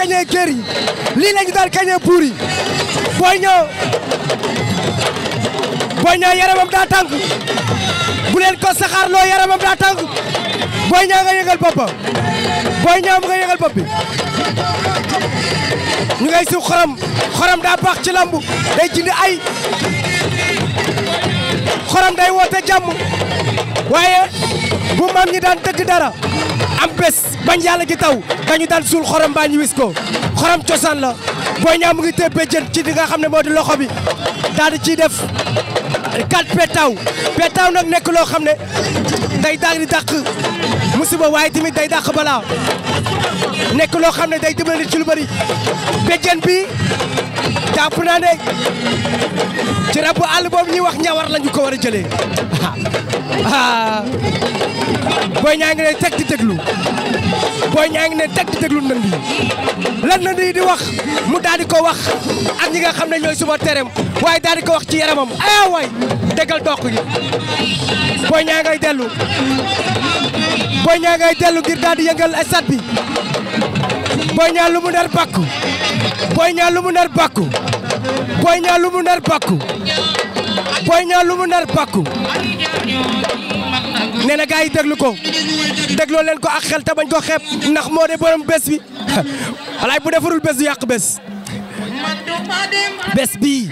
kañee Jerry, li lii lañu daan kañee buur yi Boy Niang Boy Niang yaramam da tàng bu len ko lo yaramam da tàng Boy Niang nga yegal papa Boy Niang nga yegal bopp ñu ngay su xoram xoram da bax ci lamb day jindi ay xoram day wote jamm waye bu mam ñi daan dëgg dara am bes bañ yalla gi taw dañu dal sul xoram bañ ñu wis ko xoram ciosan la Boy ñam ngi téye jeen ci li nga xam loxo bi dal ci def quatre pétaw pétaw nag ne day daal di musiba way timi day dak bala nek lo xamne day dimbali ci lu bari, béjjën bi jàpp naa ne ci rabu àll boobu ñuy wax ñawar lañu ko war a jëlee booy ñaa ngi ne teg di déglu booy ne teg di déglu ndënd yi lan ndënd yi di wax mu daal di ko wax ak ñi nga xam ne ñooy suba terem waaye daal di ko wax ci yaramam aya eh waay déggal doq gi booy ñaa ngay dellu booy ñaa ngay dellu yëngal stade bi booy ñaa lu mu nar bàkku booy ñaa lu mu nar bàkku Boy Niang lu mu nar bakku Boy Niang lu mu nar bakku na gars yi déglu ko dégloo leen ko ak xel te bañ ko xeeb ndax moo de borom bés bi alaay bu defarul bes du yàq bes bés bii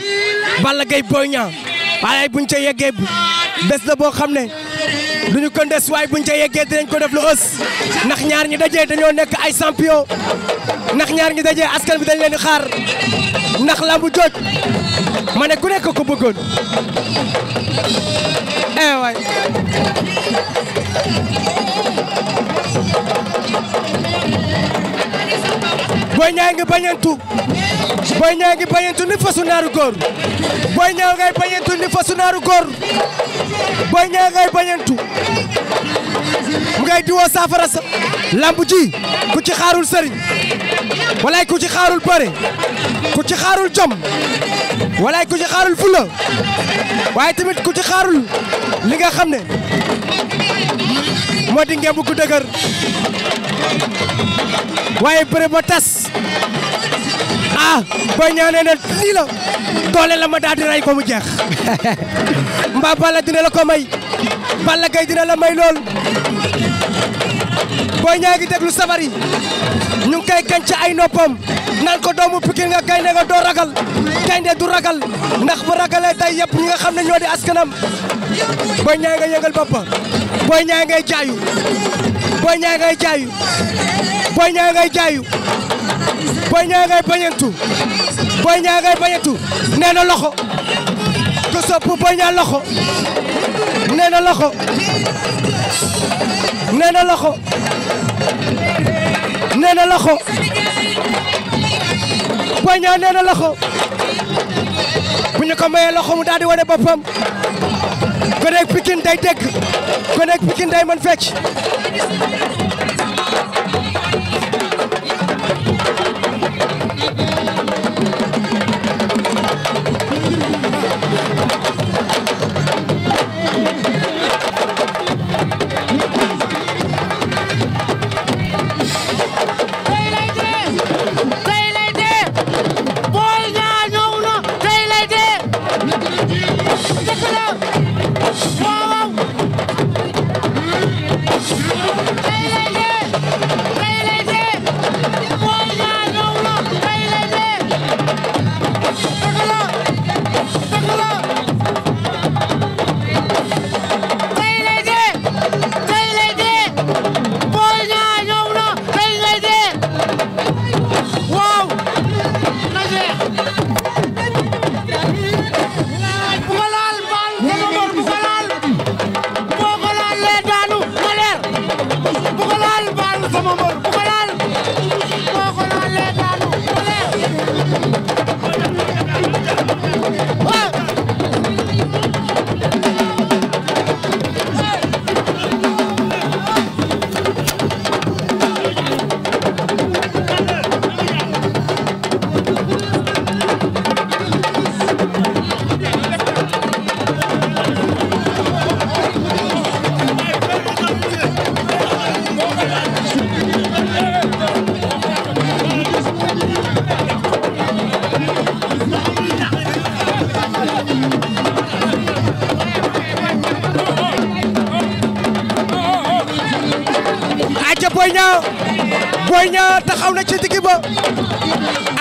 Balla Gaye Boy Niang alaay buñ ca yeggee bés la boo xam ne duñu ko waay bu buñ ca yeggee dinañ ko def lu ës ndax ñaar ñi dajee dañoo nekk ay champion ndax ñaar ñi dajee askan bi dañ leen di xaar ndax lambu jooj ma ne ku nekk ko bëggoon eh Boy Niang ngi bañantu Boy Niang ngi bañantu ni fasu naaru góor Boy Niang ngay bañantu ni fasu naaru góor Boy Niang ngay bañantu mu ngay diwoo saafara sa lamb ji ci xaarul sëriñ walaay ku ci xaarul bëre ku ci xaarul jom walaay ku xaarul fula waaye tamit ku ci xaarul li nga xam ne moo di ngemb ku dëgër waaye bëre ba tas ah Boy Niang na lii la doole la ma daal di rey ko mu jeex mbaa Balla dina la ko may Balla Gaye dina la may lool Boy Niang ngi déglu sabar yi ñu ngi koy gànca ay noppam naan ko doomu Pikine nga gaynde nga doo ragal gaynde du ragal ndax bu ragalee tey yëpp ñi nga xam ne askanam Boy Niang nga yëngal boppam Boy Niang ngay jaayu Boy Niang ngay jaayu Boy Niang ngay jaayu Boy Niang ngay bañantu Boy Niang bañantu nee loxo sopp Boy a loxo nee na loxo nee na loxo nee na loxo Boy Niang nee na loxo bu ñu ko mayee loxo mu daal di wane boppam goneeg Pikine day dégg goneeg mën fecc Demba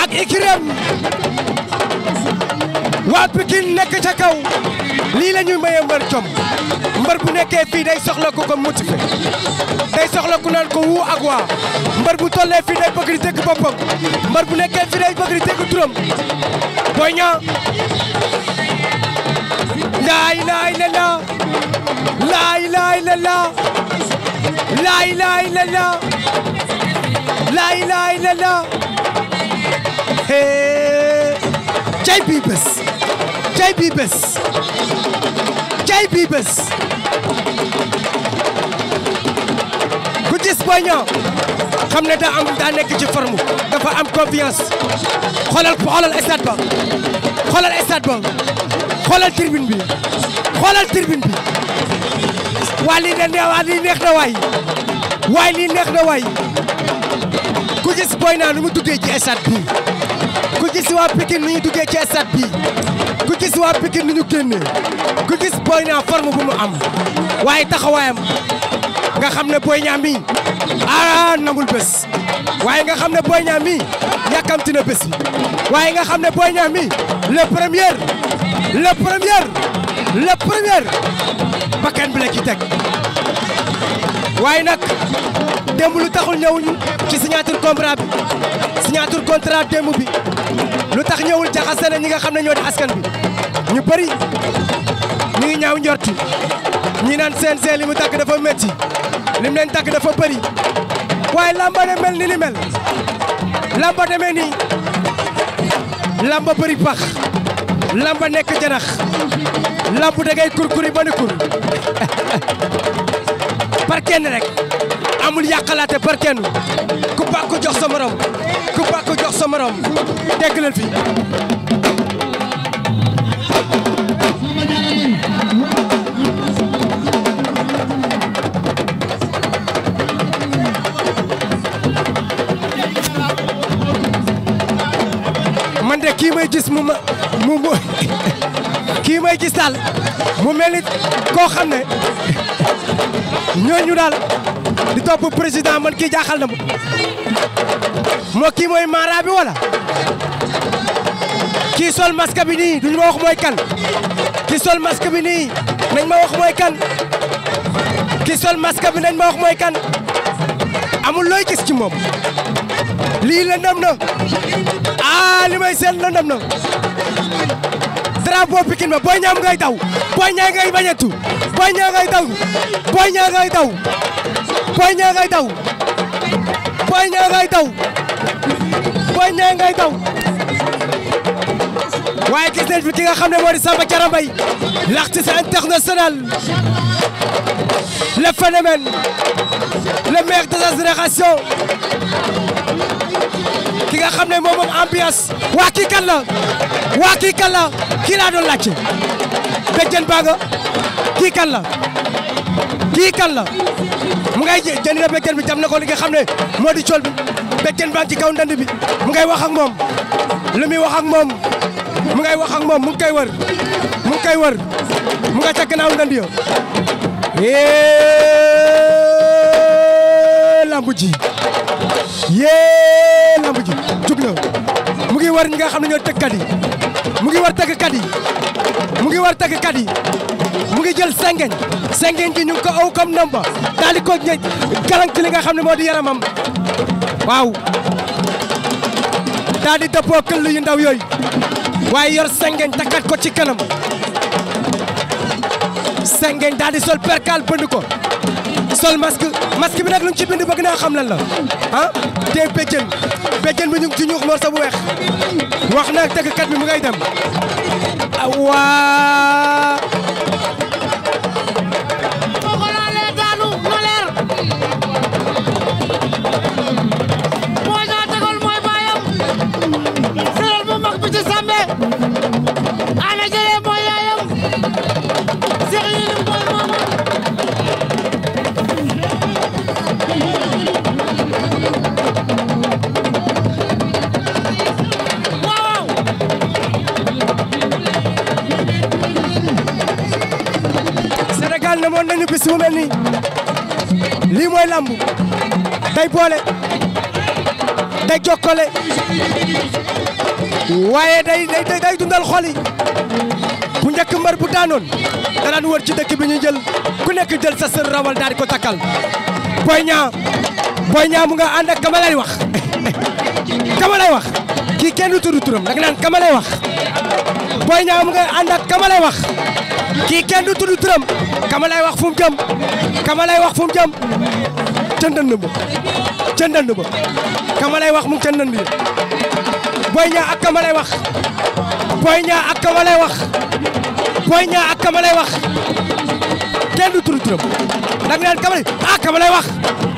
ak Ikirem waa Pikine nekk ca kaw lii la ñuy maye mbër jom mbër bu nekkee fii day soxla ku ko motiver day soxla ku naan ko wuu ak waa mbër bu tollee fii day bëgg di dégg boppam mbër bu nekkee fii day bëgg di dégg turam Boy Niang laa ilaaha illallaah laa ilaaha illallaah laa laa ilaaha illallah hee cay bii bés cay bii bés cay bii bés ku gis Boy Niang xam ne daa am daa nekk ci forme dafa am confiance xoolal xoolal stade ba xoolal stade ba xoolal tribune bi xoolal tribune bi waa neex na waay waaye lii neex na waay ku gis Boy Niang nu mu duggee ci stade bi ku gis waa Pikine nu ñu duggee ci stade bi ku gis waa Pikine nu ñu génnee ku gis Boy Niang forme bu mu am waaye taxawaayam nga xam ne Boy Niang mi ah namul bés waaye nga xam ne Boy Niang mi yàkkamti na bés waaye nga xam ne Boy Niang mi le premier le premier le premier bakkan bi la ci teg. waaye nag démb lu taxul ñëwuñu ci signature contrat bi signature contrat démb bi lu tax ñëwul jaxase na ñi nga xam ne ñoo di askan bi ñu bëri ñu ngi ñaaw njorti ñi naan CNG li mu tàkk dafa métti lim leen tàkk dafa bëri waaye lamba ne mel ni li mel lamba demee nii lamba bëri pax lamba nekk janax lamb da ngay kurkuri ba ni kur par kenn rek amul yàqalaate par kenn ku bàkku jox sa morom ku bàkku jox fi man de kii may mu ma mu mu may gis mu mel ni xam ne ñooñu daal di topp président man kii jaaxal na ma moo kii mooy ma bi wala kii sol masque bi nii duñu ma wax mooy kan kii sol masque bi nii nañ ma wax mooy kan kii sol masque bi nañ ma wax mooy kan amul looy gis ci moom lii lëndëm na ah li may seet lëndëm na drapeau Pikine ba Boy Niang ngay daw Boy Niang ngay bañatu Boy Niang ngay daw Boy Niang ngay daw Boy Niang ngay daw Boy Niang ngay daw Boy Niang ngay daw waaye gis nañ fi ki nga xam ne moo di Samba Diarra Mbaye l'artiste international le phénomène le maire de la génération ki nga xam ne moom moom ambiance waa kii kan la waa kii kan la kii laa doon laajte béjjën baa nga kii kan la kii kan la mu ngay jënd na béjjën bi jam na ko li nga xam ne moo di cool bi béjjën baa ci kaw ndand bi mu ngay wax ak moom lu muy wax ak moom mu ngay wax ak moom mu ngi koy wër mu ngi koy wër mu nga ca gannaaw ndand yo lambu ji yée lamb ji mu ngi war ñi nga xam ne ñoo tëggkat yi mu ngi war tëggkat yi mu ngi war tëggkat yi mu jël sengeñ sengeñ ji ñu ngi ko aw comme ndomba daal ko ñëj galang ci li nga xam ne moo di yaramam waaw daal di dëppoo këll yu ndaw yooyu waaye yor sengeñ takkat ko ci kanam sengeñ daal di sol perkaal bënd ko sol masque masque bi nag lu ñu ci bind naa xam lan la ah te béjjën béjjën ñu ngi ci ñuux morso bu weex wax na tëggkat bi mu ngay dem waa woon nañu bis mu mel lii mooy lamb day boole day jokkale waaye day day day dundal xol bu njëkk mbër bu daanoon da wër ci dëkk bi ñu jël ku nekk jël sa sër rawal ko takkal Boy Niang Boy Niang nga ànd ak kama lay wax kama lay wax kii kenn du tudd turam da nga naan kama lay wax Boy Niang mu nga ànd ak kama lay wax kii kenn du tudd turam kama lay wax fu mu jëm kama lay wax fu mu jëm ca ndënd ba ca ndënd ba kama lay wax mu ngi ca ya. Boy Niang ak kama lay wax Boy Niang ak kama lay wax Boy Niang ak kama lay wax kenn du tudd turam da nga kama ah kama lay wax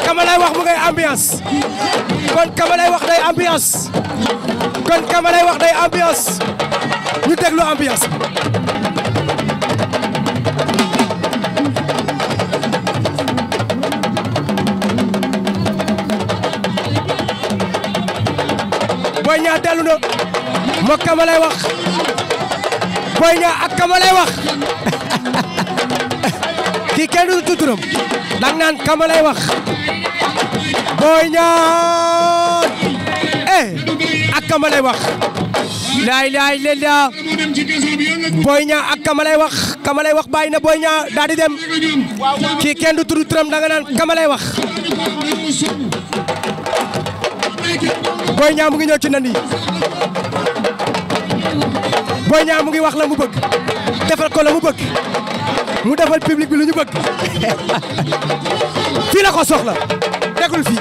kama lay wax mu ngay ambiance kon kama lay wax day ambiance kon kama lay wax day ambiance ñu déglu ambiance Niang dellu na moo kama wax Boy Niang ak kama wax kii kenn du tuturam dang naan kama lay wax Boy Niang eh ak kama wax laay laay leen daa Boy Niang ak wax kama wax bàyyi na Boy Niang daal kii kenn du tuturam danga naan kama wax Boy Niang mu ngi ñëw ci nen yi Boy Niang mu ngi wax la mu bëgg defal ko la mu bëgg mu defal public bi lu ñu bëgg fii la ko soxla tegul fii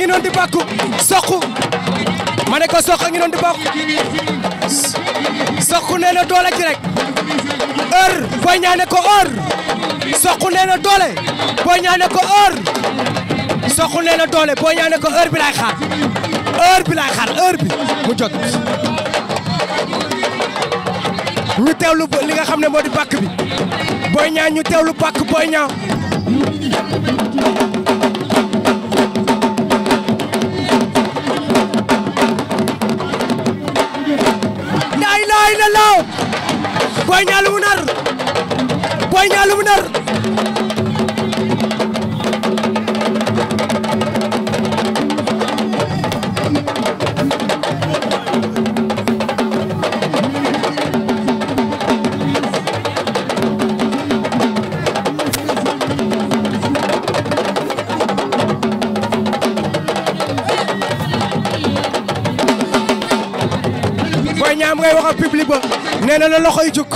ngi noon di bàkku ma ne ko soq a ngi noon di bàkku soq nee na doole ji rek heure Boy Niang ne ko heure soq nee doole Boy Niang ne ko heure soq nee na doole Boy Niang ko heure bi laay xaar heure bi laay xaar heure bi mu jot ñu teewlu li nga xam ne moo di bàkk bi Boy Niang ñu teewlu bàkk Boy Niang ilaha illallah Boy Niang lu mu nar Boy Niang lu mu nar nee na la loxo yi jóg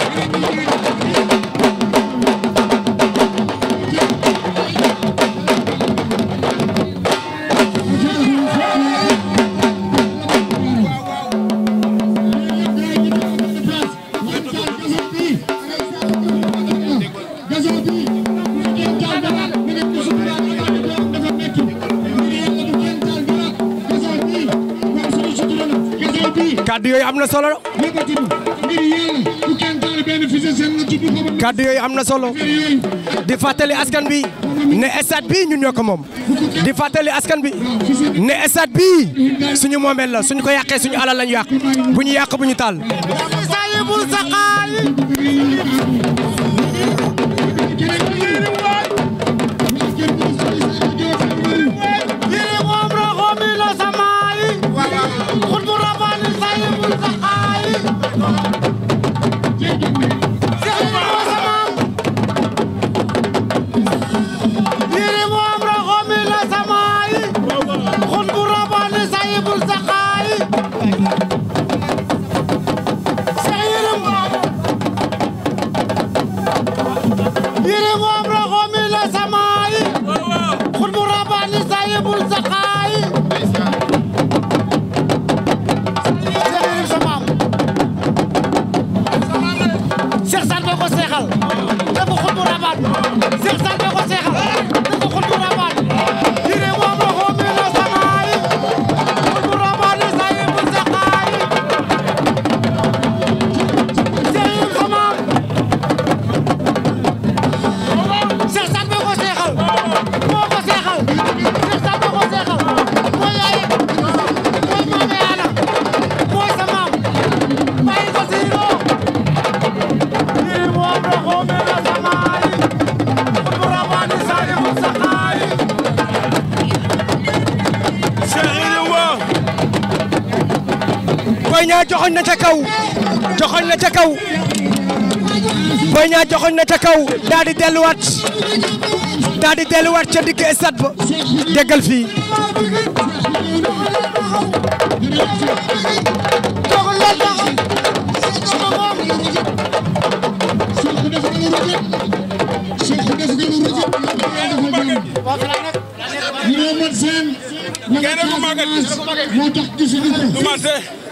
kàddu yooyu am na solo kàddu yooyu am na solo di fàttali askan bi ne stade bi ñu ñoo ko moom di fàttali askan bi ne stade bi suñu moomeel la suñu ko yàqee suñu alal lañu yàq bu ñu yàq bu ñu taal. Boy Niang joxoñ na ca kaw joxoñ na ca kaw Boy Niang joxoñ na ca kaw daal di delluwaat daal di delluwaat ca digg stade fii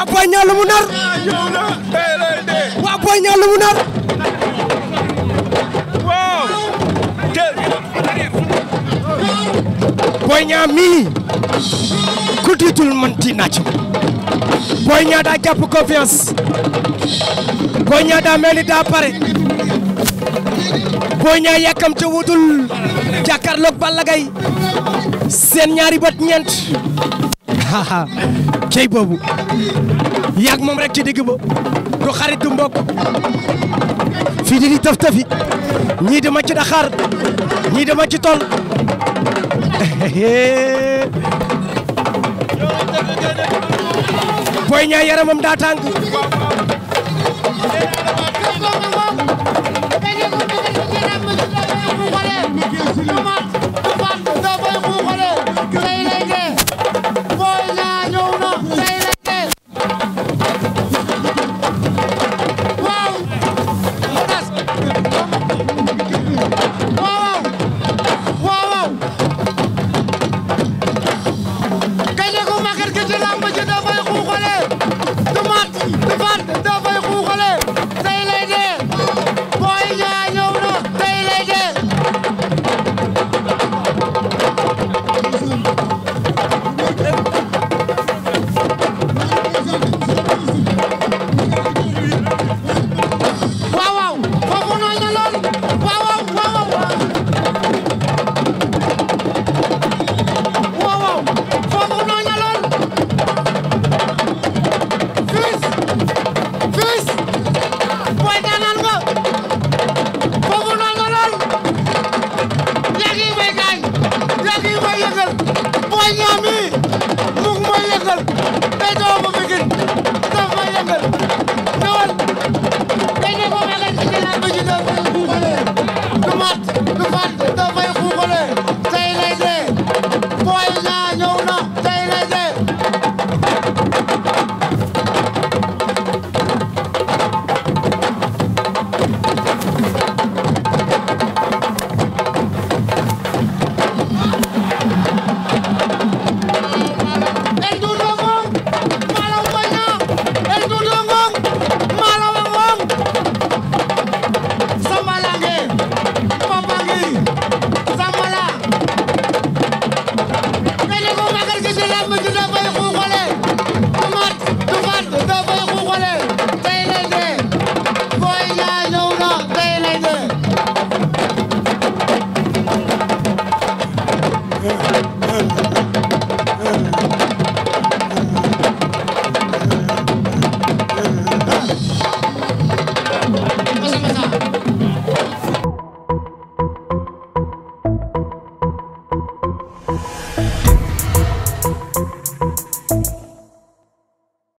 waa Boy Niang lu mu nar waa Boy Niang lu mu nar waaw Boy Niang man ti naa ci Boy Niang confiance Boy Niang daa mel pare Boy Niang yàkkam te wutul jàkkaarloog Balla Gaye seen ñaari bët cey bobu yak mom rek ci digg bo du xarit du mbokk fii di taf tëf tëfi ñii di ma ci da xar ñi di ma ci tol Boy Niang yaramam Come on!